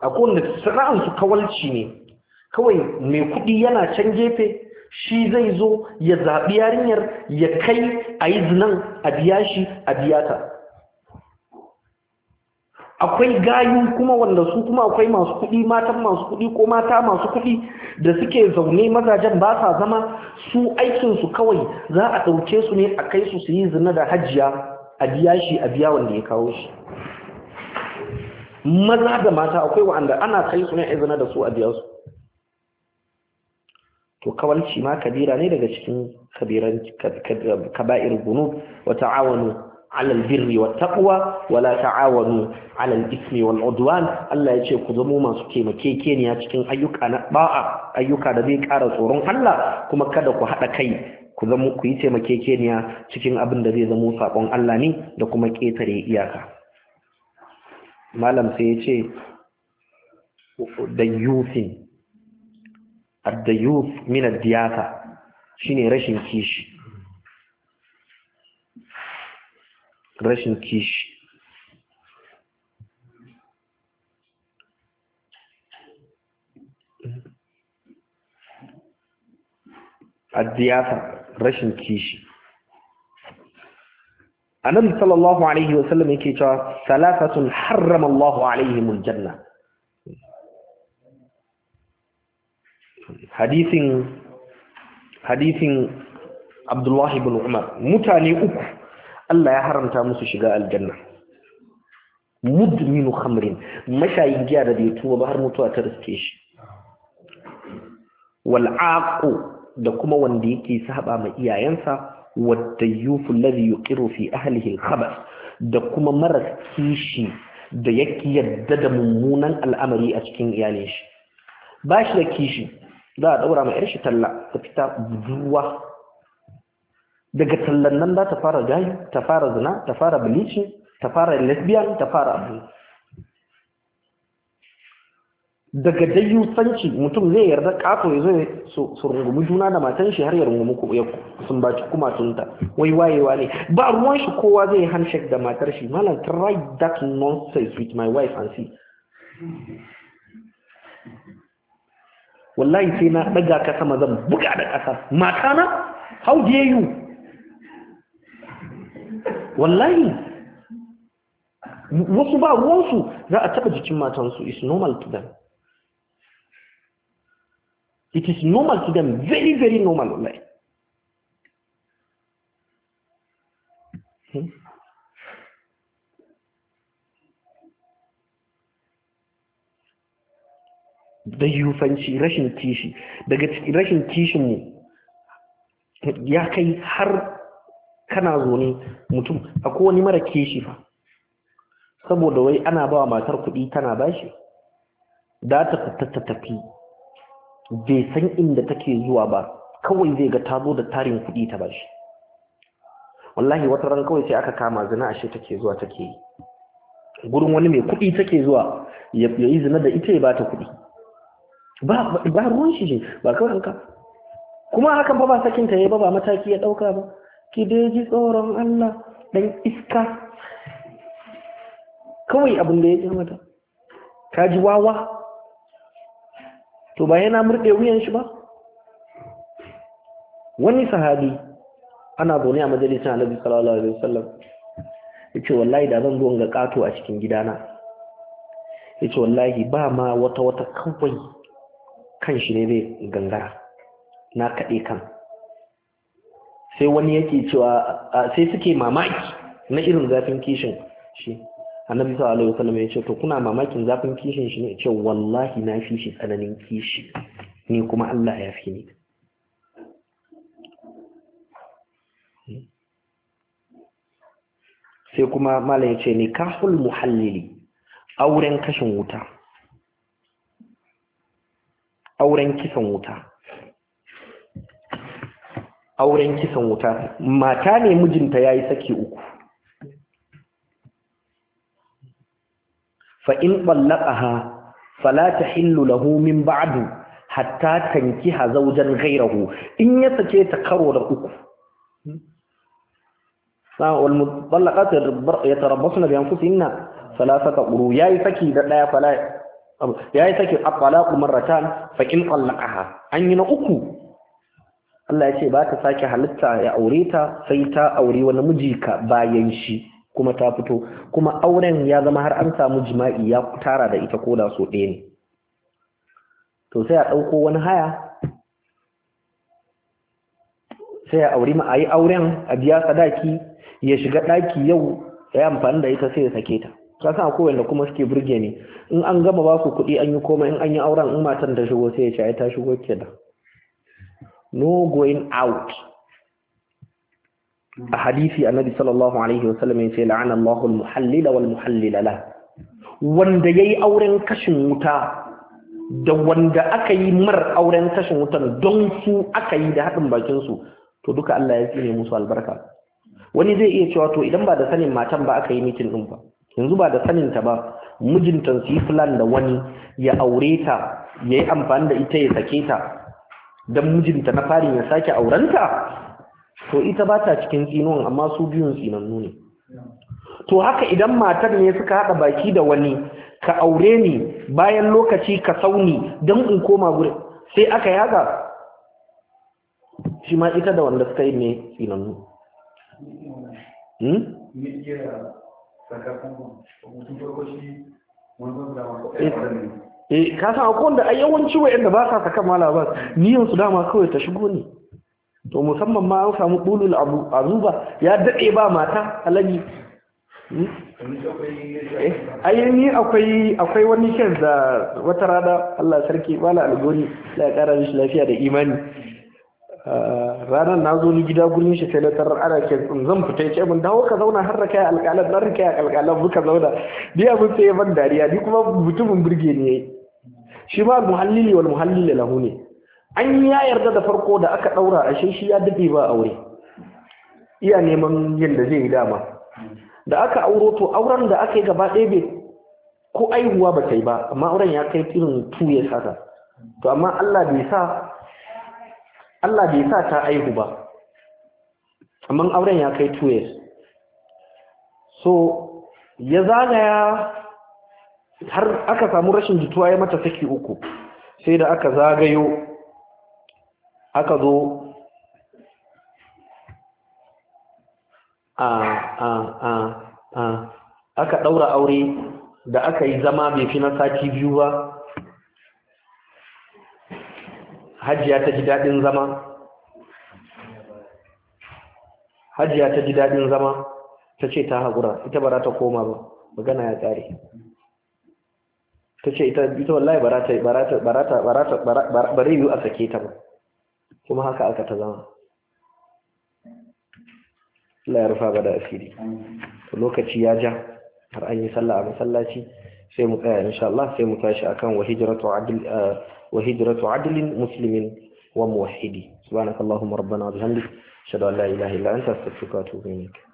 a kowane sana'ansu kawalci ne kawai mai kuɗi yana can gefe shi zai zo ya zaɓi yarinyar ya kai a yi zinan a biya shi a biya ta akwai gayu kuma wanda su kuma akwai masu kuɗi matan masu kuɗi ko mata masu kuɗi da suke zaune mazajen ba sa zama su aikinsu kawai za a ɗauke su ne a kai su su yi zina da hajiya, a biya shi a biya wanda ya kawo shi maza da mata akwai wa'anda ana kai su ne a zina da su a biya su to kawalci ma kabira ne daga cikin kaba'ir gunub wata awanu على البر والتقوى ولا تعاونوا على الإثم والعدوان الله يجي كذمو ما كي كيكين يا cikin ayyuka na ba'a ayyuka da zai ƙara tsoron Allah kuma kada ku hada kai ku ku yi taimakekeniya cikin abin da zai zamo sakon Allah ne da kuma ketare iyaka malam sai ya ce da yusin, ad yus min ad shine rashin kishi راشن كيش الضيافه راشن كيش انا صلى الله عليه وسلم يكي تشا ثلاثه حرم الله عليهم الجنه حديثين حديثين عبد الله بن عمر متاني اوكو Allah ya haramta musu shiga aljanna mudminu khamrin mashayin giya da bai ba har mutuwa ta riske shi wal aqu da kuma wanda yake saba ma iyayensa wadda yufu ladhi yuqiru fi ahlihi al da kuma maras kishi da yake yadda da mummunan al'amari a cikin iyalin shi bashi da kishi za a daura ma yar shi talla ta fita zuwa daga tallan nan za ta fara gai ta fara zina ta fara bilicin, ta fara lesbian ta fara abu daga sanci mutum zai yarda kato ya zai su rungumi juna da matan shi har ya rungumi ko sun baci kuma tunta wai wayewa ne ba ruwan shi kowa zai yi handshake da matar shi malam try that nonsense with my wife and see wallahi sai na daga ka sama zan buga da kasa matana how dare you wallahi wasu ba ruwansu za a taɓa jikin matansu is normal to them it is normal to them very very normal wallahi hmm? da yufanci rashin kishi daga rashin kishinmu ya kai har kana zo ne mutum akwai wani mara shi fa saboda wai ana ba wa matar kuɗi tana bashi da ta tafi bai san inda take zuwa ba kawai zai ga tazo da tarin kuɗi ta bashi wallahi wata ran kawai sai aka kama zina ashe take zuwa take yi gurin wani mai kuɗi take zuwa ya yi zina da ita ya bata kuɗi ba ruwan shi ba kawai kuma hakan ba ba sakinta ya ba ba mataki ya ɗauka ba ki de ji tsoron Allah dan iska kawai abin da ya ce mata ka ji wawa to ba yana murɗe wuyan shi ba wani sahabi ana zaune a majalisar annabi sallallahu alaihi wasallam yace wallahi da zan zo ga kato a cikin gidana yace wallahi ba ma wata wata kawai kan shi ne zai gangara na kaɗe kan sai wani yake cewa sai suke mamaki na irin zafin kishin shi annabi sallallahu alaihi wasallam ya ce to kuna mamakin zafin kishin shi ne ce wallahi na fi shi tsananin kishi ni kuma Allah ya fi ni sai kuma malam ya ce ni kahul muhallili auren kashin wuta auren kisan wuta auren kisan wuta mata ne mijinta ya yi saki uku fa'in ɓallaka ha falata hillu lahu min ba'adu hatta tanki ha zaujen gairahu in ya sake ta karo da uku والمطلقات يتربصن بأنفسهن ثلاثة قروء يا يسكي لا فلا يا يسكي الطلاق مرتان an yi na uku? Allah ya ce ba ta sake halitta ya aure ta sai ta aure wani miji ka bayan shi kuma ta fito kuma auren ya zama har an samu jima'i ya tara da ita koda so ɗaya ne to sai a ɗauko wani haya sai a aure ma a auren a biya sadaki ya shiga ɗaki yau ya amfani da ita sai ya sake ta ka san akwai wanda kuma suke burge ne in an gama ba su kuɗi an yi komai in an yi auren in matan ta shigo sai ya ci ai ta shigo kenan no going out a hadisi annabi sallallahu alaihi wasallam ya ce la'ana Allahul muhallila wal muhallila la wanda yayi auren kashin wuta da wanda aka yi mar auren kashin wutan don su aka yi da haɗin bakin su to duka Allah ya tsine musu albarka wani zai iya cewa to idan ba da sanin matan ba aka yi mitin din ba yanzu ba da sanin ta ba mijinta su yi plan da wani ya aure ta yayi amfani da ita ya sake ta don mijinta na fari ya sake aurenta to ita ba ta cikin tsinon amma su biyun tsinannu ne to haka idan matar ne suka haɗa baki da wani ka aure ni bayan lokaci ka sauni dan in koma gure sai aka yaga shi ma ita da wanda suka yi ne tsinannu hmm? sakakon eh kasan san akwai wanda ai yawanci wa'anda ba sa saka mala ba niyan su dama kawai ta shigo ne to musamman ma an samu bulul azuba ya dade ba mata alaji hmm? eh, ai ni akwai akwai wani kyan da wata rada. Allah sarki bala algoni ya kara mishi lafiya da imani ah, ranar na zo ni gida gurin shi sai na tarar ana ke zan fita ya ce min dawo ka zauna har raka ya alƙalan dan raka ya alƙalan muka zauna biya mun sai ban dariya ni kuma mutumin burge ne shi ba muhallili wal muhallili lahu ne an ya yarda da farko da aka daura ashe shi ya dafe ba aure iya neman yadda zai yi dama da aka auro to auren da aka yi gaba ɗaya bai ko aihuwa ba kai ba amma auren ya kai irin ya saka to amma Allah bai sa Allah bai sa ta aihu ba amma auren ya kai years. so ya zagaya har aka samu rashin jituwa ya mata saki uku sai da aka zagayo aka zo a a a a aka daura aure da aka yi zama mai fi na sati biyu ba hajiya ta ji daɗin zama hajiya ta ji zama ta ce ta haƙura ita ba za ta koma ba magana ya tsare ta ce ita ita wallahi barata barata barata barata bare yiwu a sake ta ba kuma haka aka ta zama Allah ya rufa bada asiri lokaci ya ja har an yi sallah a masallaci sai mu tsaya insha Allah sai mu tashi akan wa hijratu adl wa hijratu adlin muslimin wa muwahhidi subhanakallahumma rabbana wa bihamdika ashhadu an la ilaha illa anta astaghfiruka wa atubu ilayk